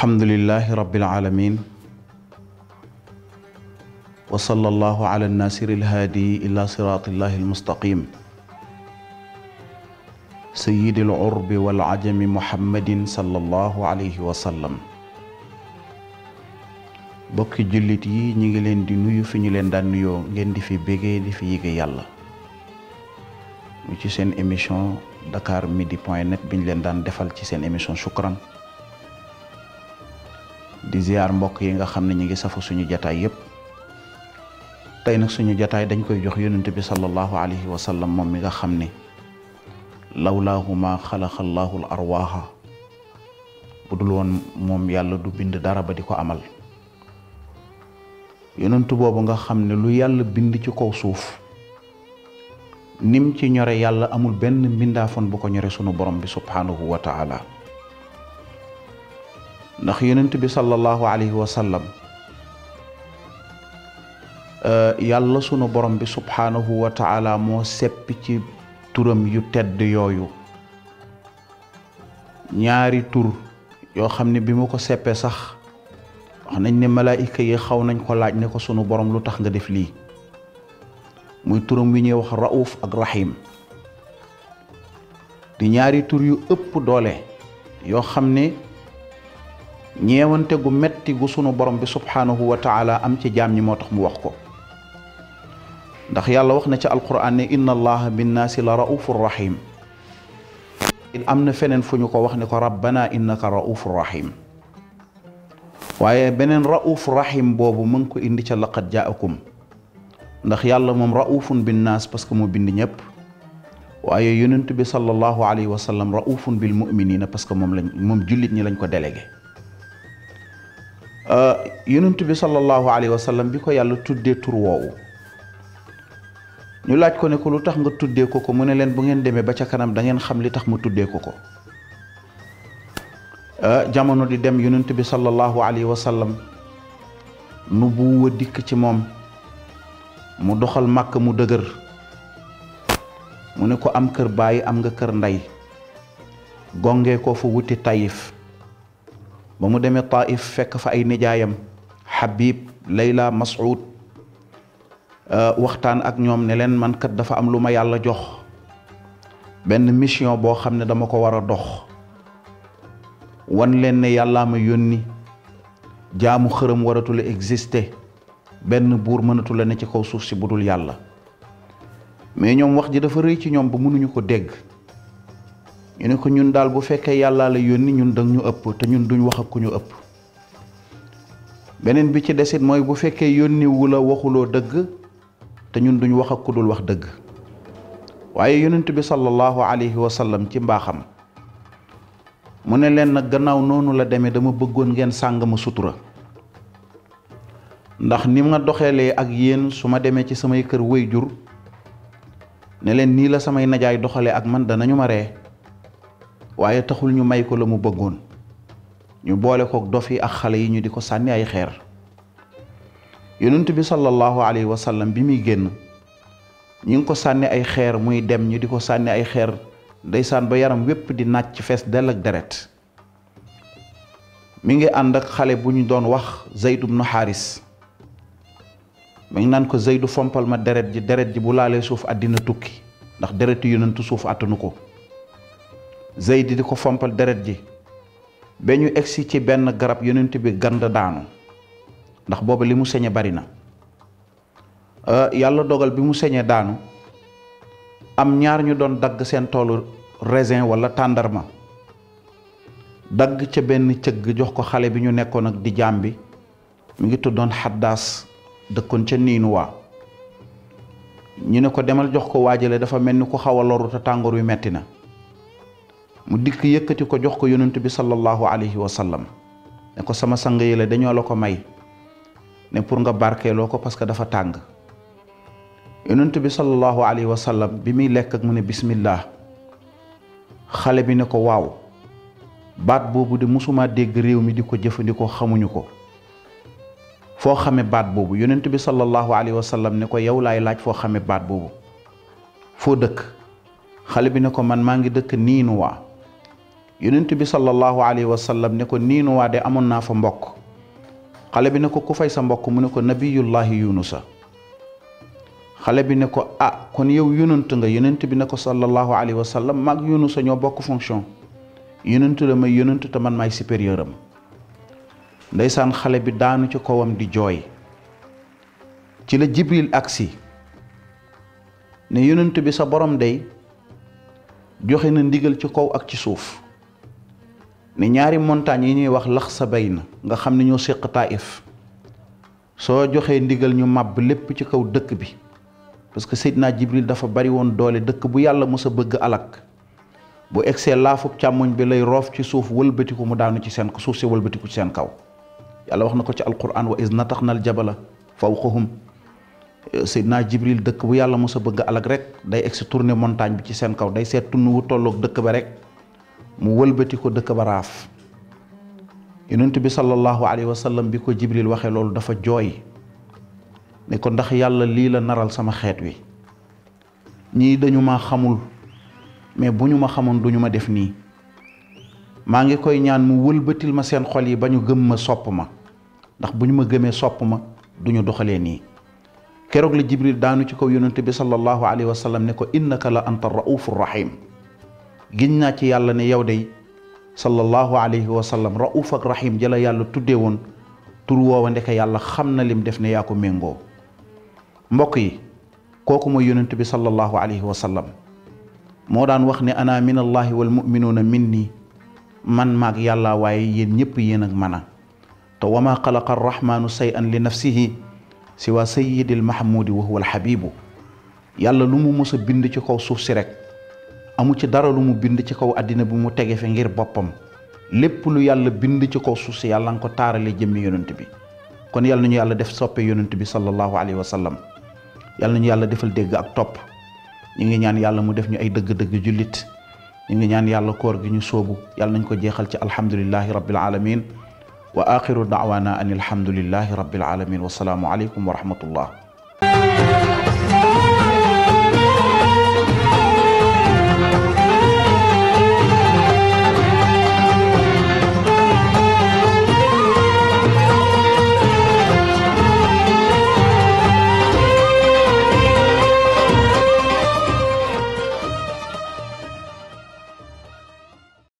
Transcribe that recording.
alhamdulilahi rabbil alamin wa sallallahu ala nasiri alhaadi ila siratillahi almustaqim sayidi al urbi wal ajami muhammadin sallallahu alayhi wa bokki jullit yi ñi ngi leen di nuyu fi ñu leen daan nuyoo ngeen di fi bégee di fi yége yàlla mu ci seen émission dakar midi point net bi ñu leen daan defal ci seen émission shukran di mbokk yi nga xam ne ñu ngi safu suñu jataay yépp tey nag suñu jataay dañ koy jox yonent bi sallallahu alayhi wa moom mi nga xam ne lawlaahu ma xalaqa allahu moom yàlla du bind dara ba di ko amal yonentu boobu nga xam ne lu yàlla bind ci kow suuf nim ci ñore yàlla amul benn mbindaafoon bu ko ñore sunu borom bi subhaanahu wa taala ndax yonent bi sallallahu alayhi wa sallam euh, yàlla sunu borom bi subhaanahu wa taala moo sepp ci turam yu tedd yooyu ñaari tur yoo xam ne bi mu ko seppee sax wax nañ ne malaayika yi xaw nañ ko laaj ne ko sunu borom lu tax nga def lii muy turam wi ñuy wax rauf ak rahim di ñaari tur yu ëpp doole yoo xam ne ñeewante gu metti gu sunu borom bi subhaanahu wa taala am ci jaam ñi moo tax mu wax ko ndax yàlla wax na ci alquran ne inna allaha binnaasi la raufur rahim am na feneen fu ko wax ne ko rabbana innaka raufur rahim waaye beneen rauf rahim boobu mu ko indi ca laqad jaakum ndax yàlla moom raufun binnaas parce que moo bind ñëpp waaye yonent bi sallallahu alayhi wa sallam raufun bil muminina parce que moom lañ moom jullit ñi lañ ko délégué Euh, yonent bi sallallahu alayhi wa sallam bi ko yàlla tuddee tur woowu ñu laaj ko ne ko lu tax nga tuddee ko ko mu ne leen bu ngeen demee ba ca kanam da xam li tax mu tuddee ko ko euh, jamono di dem yonent bi sallallahu alayhi wa sallam nu buuwa dikk ci moom mu doxal màkk mu dëgër mu ne ko am kër bàyyi am nga kër ndey gongee ko fa wuti tayif ba mu demee Taif fekk fa ay nijaayam Habib Layla Mas'ud euh, waxtaan ak ñoom ne leen man kat dafa am lu ma yàlla jox benn mission boo xam ne dama ko war a dox wan leen ne yàllaa ma yónni jaamu xërëm waratula existe benn buur mënatula ne ci kaw suuf si bu dul yàlla mais ñoom wax ji dafa rëy ci ñoom ba mënuñu ko dégg ñu ne ko ñun daal bu fekkee yàllaa la yónni ñun dang ñu ëpp te ñun duñu wax ak ku ñu ëpp beneen bi ci desit mooy bu fekkee yónni la waxuloo dëgg te ñun duñu wax ak ku dul wax dëgg waaye yonent bi sallallahu alayhi wa sallam ci mbaaxam mu ne leen nag gannaaw noonu la demee dama bëggoon ngeen sàng ma sutura ndax ni ma doxeelee ak yéen su ma demee ci samay kër wéy jur ne leen nii la samay najaay doxalee ak man danañu ma ree waaye taxul ñu may ko la mu bëggoon ñu boole koog dof yi ak xale yi ñu di ko sànni ay xeer yonent bi sallallahu alayhi wa sallam bi muy génn ñu ngi ko sànni ay xeer muy dem ñu di ko sànni ay xeer ndeysaan ba yaram wépp di nàcc fees dell ak deret mu ngi ànd ak xale bu ñu doon wax Zayd ibnu Xaaris mi ngi naan ko Zaydu fompal ma deret ji deret ji bu laalee suuf àddina tukki ndax deretu yonentu suuf àttanu ko Zeydi di ko fompal deret ji ba ñu egsi ci benn garab yonent bi gand daanu ndax booba li mu sañe bari na euh, yàlla dogal bi mu señee daanu am ñaar ñu doon dagg seen toolu raisin wala tàndarma dagg ca benn cëgg jox ko xale bi ñu nekkoon ak di jaam bi mu ngi tuddoon xaddaas dëkkoon ca niinuwaa ñu ne ko demal jox ko waajale dafa mel ni ku xaw a loru te tàngoor wi metti na mu dikk yëkkati ko jox ko yonent bi sallallahu alayhi wa sallam ne ko sama sang yi la dañoo la ko may ne pour nga barkeeloo ko parce que dafa tàng yonent bi sallallahu alayhi wa sallam bi muy lekk ak mu ne bismillah xale bi ne ko waaw baat boobu di mosuma dégg réew mi di ko jëfandikoo xamuñu ko foo xame baat boobu yonent bi sallallahu alayhi wa sallam ne ko yow laay laaj foo xame baat boobu foo dëkk xale bi ne ko man maa ngi dëkk niinuwaa yonent bi sallallahu alayhi wa sallam ne ko niinuwaa de amoon naa fa mbokk xale bi ne ko ku fay sa mbokk mu ne ko nabiyullahi yunusa xale bi ne ko ah kon yow yonent nga yonent bi ne ko sallallahu alayhi wa sallam maag yunusa ñoo bokk fonction yonent la may yonent te man maay supérieur ndeysaan xale bi daanu ci kawam di jooy ci la jibril agsi ne yonent bi sa borom day joxe na ndigal ci kaw ak ci suuf ne ñaari montagnes yi ñuy wax lax sa bay na nga xam ne ñoo séq Taif soo joxee ndigal ñu màbb lépp ci kaw dëkk bi parce que naa Jibril dafa bari woon doole dëkk bu yàlla mos a bëgg alak bu egsee laafub càmmoñ bi lay roof ci suuf wëlbatiku mu daanu ci seen suuf si ci seen kaw yàlla wax na ko ci alquran wa iz nataxna al jabala fawqahum Seydina dëkk bu yàlla mos a bëgg alak rek day egsi tourner montagne bi ci seen kaw day seet tund wu dëkk ba rek mu wëlbati ko dëkk ba raaf yonent bi sallallahu alayhi wa sallam bi ko jibril waxee loolu dafa jooy ne ko ndax yàlla lii la naral sama xeet wi ñii dañu ma xamul mais bu ñu ma xamoon duñu ma def nii maa ngi koy ñaan mu wëlbatil ma seen xol yi ba ñu gëm ma sopp ma ndax bu ñu ma gëmee sopp ma duñu doxalee nii keroog la jibril daanu ci ko yonent bi sallallahu alayhi wa sallam ne ko innaka la anta raufur rahim giñ naa ci yàlla ne yow day sallallahu alayhi wa sallam rauf ak yàlla tuddee woon tur woowa ndeke yàlla xam na lim def ne yaa ko méngoo mbokk yi kooku mooy yonent bi sallallahu alayhi wa moo daan wax ne anaa min allahi wal muminuuna min nii man maak yàlla waaye yéen ñëpp yéen ak mana te wama xalaqa arrahmanu say an li nafsihi siwa sayidil mahmudi wa huwa alxabibu yàlla lu mu mës bind ci kaw suuf si rek amu ci dara lu mu bind ci kaw addina bi mu tege fi ngir boppam lépp lu yàlla bind ci kaw suuf si yàlla nga ko taarale jëmmi yonent bi kon yàlla nañu yàlla def soppe yonent bi sallallahu alayhi wa sallam yàlla nañu yàlla defal dégg ak topp ñu ngi ñaan yàlla mu def ñu ay dëgg-dëgg jullit ñu ngi ñaan yàlla koor gi ñu soobu yàlla nañ ko jeexal ci alhamdulillahi rabbil alamin wa axiru daawaana an alhamdulillahi rabbil alamin wasalaamu aleykum wa rahmatullah